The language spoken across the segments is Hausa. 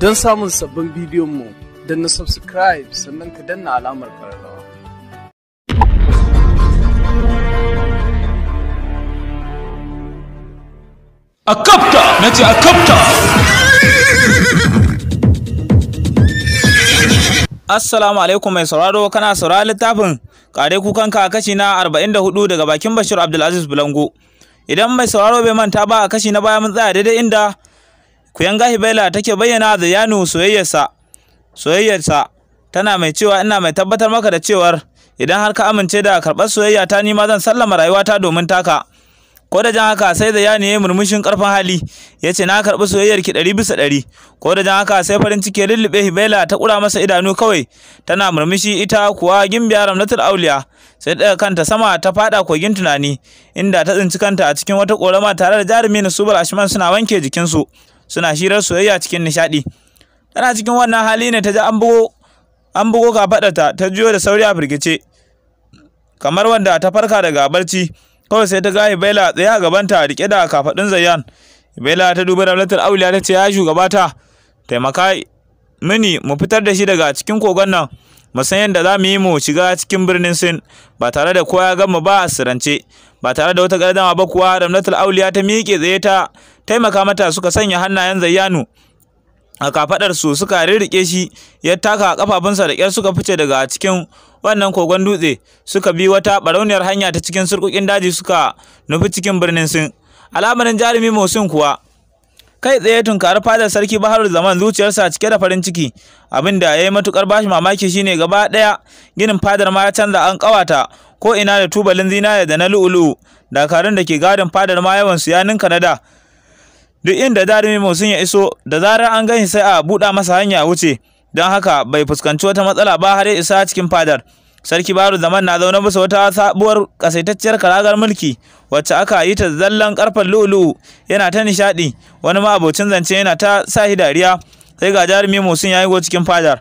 Don samun sabbin bidiyon mu, na subscribe sannan ka danna alamar ƙararrawa. A kapta! Na ce a kapta! Assalamu alaikum mai sauraro kana saurari littafin kare kukan ka kashi na 44 daga bakin Bashir Abdulaziz Bulango. Idan mai sauraro bai manta ba a kashi na baya mun tsaya daidai inda Kuyanga Hibaila take bayyana da Yanu soyayyarsa soyayyarsa tana mai cewa ina mai tabbatar maka da cewar idan har ka amince da karbar soyayya ta ni ma zan sallama rayuwata domin taka ko da jan haka sai da yani ya murmushin karfin hali ya ce na karbi soyayyar ki ɗari bisa ɗari ko da jan haka sai farin ciki ya lullube hibaila ta ƙura masa idanu kawai tana murmushi ita kuwa gimbiya ramlatul auliya sai daga kanta sama ta faɗa kogin tunani inda ta tsinci kanta a cikin wata ƙorama tare da jarumi na subar ashman suna wanke jikinsu suna shirar soyayya cikin nishaɗi tana cikin wannan hali ne ta ji an bugo an bugo kafaɗarta ta juyo da sauri a firgice kamar wanda ta farka daga barci kawai sai ta ga Ibaila tsaye a gaban ta rike da kafaɗun Zayyan bela ta duba Ramlatul Auliya ta ce ya shugaba ta taimaka mini mu fitar da shi daga cikin kogon nan mu san yadda za mu yi mu shiga cikin birnin Sin ba tare da kowa ya mu ba a sirance ba tare da wata gardama ba kuwa ramnatul auliya ta miƙe tsaye ta taimaka mata suka sanya hannayen zayyanu a kafadar su suka rirrike shi ya taka a kafafunsa da ƙyar suka fice daga cikin wannan kogon dutse suka bi wata barauniyar hanya ta cikin surkukin daji suka nufi cikin birnin sin alamarin jarumi mosin kuwa kai tsaye tunkari fadar sarki Baharul Zaman zuciyarsa cike da farin ciki abinda ya yi matukar bashi mamaki shine gaba daya ginin fadar ma ya canza an kawata ko ina da tubalin zinare da na lu'ulu dakarun da ke gadin fadar ma yawan su ya ninka na duk inda jarumi motsin ya iso da zarar an gani sai a buɗa masa hanya wuce don haka bai fuskanci wata matsala ba har ya isa cikin fadar sarki baru zaman na zaune masa wata sabuwar kasaitacciyar karagar mulki wacce aka yi ta zallan karfan lu'ulu'u yana ta nishaɗi wani ma abocin zance yana ta sahi dariya sai ga jarumi musin ya yi go cikin fadar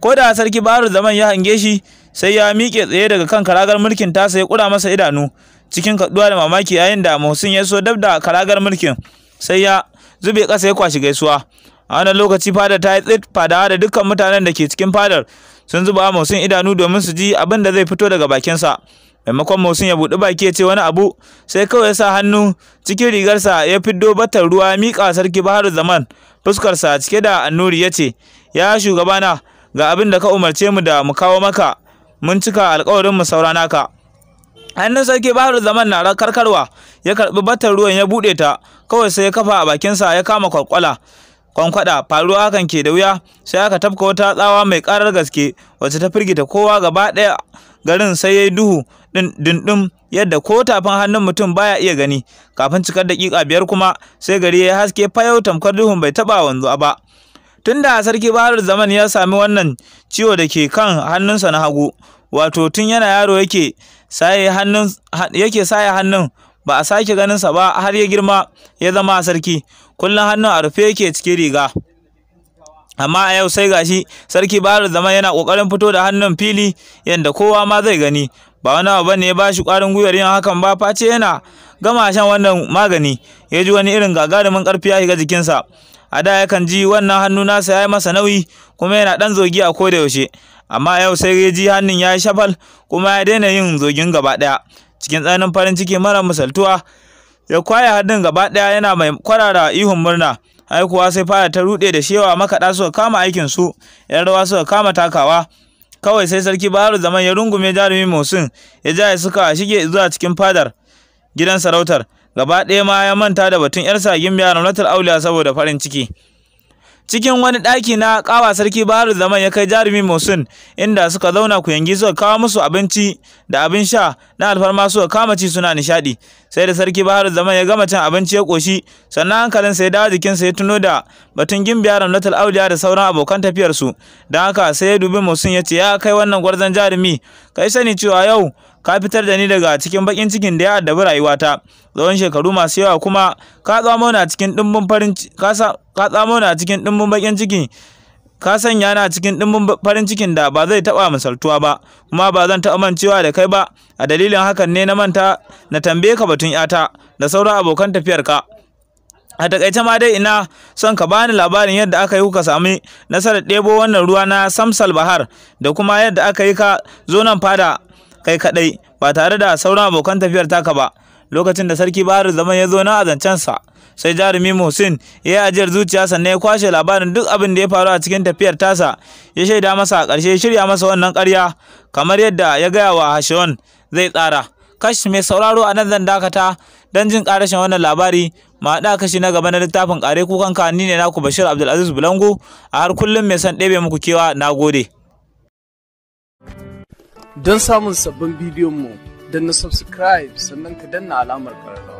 ko da sarki baru zaman ya hange shi sai ya miƙe tsaye daga kan karagar mulkin ta ya kura masa idanu cikin kaduwa da mamaki yayin da Mahusin ya so dab da karagar mulkin sai ya zube ƙasa ya kwashe gaisuwa a wannan lokaci fadar ta yi tsit fadawa da dukkan mutanen da ke cikin fadar sun zuba Mahusin idanu domin su ji abin da zai fito daga bakinsa maimakon Mahusin ya buɗi baki ya ce wani abu sai kawai ya sa hannu cikin rigarsa ya fiddo batar ruwa ya miƙa sarki bahar Zaman fuskarsa cike da annuri ya ce ya shugabana ga abin da ka umarce mu da mu kawo maka mun cika alkawarin mu saurana ka hannun sarki bahar zaman na karkarwa ya karbi batar ruwan ya bude ta kawai sai ya kafa a bakinsa ya kama kwakwala kwankwada faruwa hakan ke da wuya sai aka tafka wata tsawa mai karar gaske wacce ta firgita kowa gaba daya garin sai yayi duhu dindindim yadda ko tafin hannun mutum baya iya gani kafin cikar daƙiƙa biyar kuma sai gari ya haske fayau tamkar duhun bai taba wanzuwa ba tun da sarki Bahar Zaman ya sami wannan ciwo da ke kan hannunsa na hagu, wato tun yana yaro yake saye hannun ba a sake ganinsa ba har ya girma ya zama sarki, kullum hannun a rufe yake cikin riga. amma a yau sai gashi sarki Bahar Zaman yana kokarin fito da hannun fili yadda kowa ma zai gani ba wani abu ne ya bashi kwarin gwiwar yin hakan ba face yana gama shan wannan magani ya ji wani irin gagarumin ƙarfi ya shiga jikinsa a da yakan ji wannan hannu nasa ya yi masa nauyi kuma yana ɗan zogi a ko da yaushe amma yau sai ya ji hannun ya yi shafal kuma ya daina yin zogin gaba ɗaya cikin tsananin farin ciki mara misaltuwa ya kwaya hannun gaba ɗaya yana mai kwarara ihun murna aikuwa sai fara ta ruɗe da shewa makaɗa suka kama aikin su yan rawa suka kama takawa kawai sai sarki Baharu zaman ya rungume jarumi musun ya ja suka shige zuwa cikin fadar gidan sarautar gaba ɗaya ma ya manta da batun yar sagin biya ramlatul auliya saboda farin ciki cikin wani ɗaki na ƙawa sarki baharu zaman ya kai jarumi mosun inda suka zauna ku kuyangi suka kawo musu abinci da abin sha na alfarma suka kama ci suna nishaɗi sai da sarki baharu zaman ya gama cin abinci ya ƙoshi sannan hankalin sai dawo jikinsa ya tuno da batun gimbiya ramlatul auliya da sauran abokan tafiyarsu don haka sai ya dubi mosun ya ce ya kai wannan gwarzon jarumi kai sani cewa yau ka fitar da ni daga cikin bakin cikin da ya addabi rayuwata tsawon shekaru masu yawa kuma ka tsamo na cikin dimbin farin cikin bakin ciki ka sanya na cikin dimbin farin cikin da ba zai taba misaltuwa ba kuma ba zan taɓa mancewa da kai ba a dalilin hakan ne na manta na tambaye ka batun yata da sauran abokan tafiyar ka. a takaice ma dai ina son ka bani labarin yadda aka yi kuka sami nasarar ɗebo wannan ruwa na samsal bahar da kuma yadda aka yi ka zo nan fada kai kaɗai ba tare da sauran abokan tafiyar taka ba lokacin da sarki bahar zaman ya zo na azancensa sai jarumi muhsin ya yi ajiyar zuciya sannan ya kwashe labarin duk abin da ya faru a cikin tafiyar tasa ya shaida masa a ƙarshe shirya masa wannan karya kamar yadda ya gaya wa hashewan zai tsara kash mai sauraro a nan zan dakata don jin ƙarashin wannan labari ma haɗa kashi na gaba na littafin ƙare kukan ni ne naku bashir abdulaziz bulangu a har kullum mai son ɗebe muku kewa na gode don samun sabbin bidiyon mu na subscribe sannan ka danna alamar ƙararrawa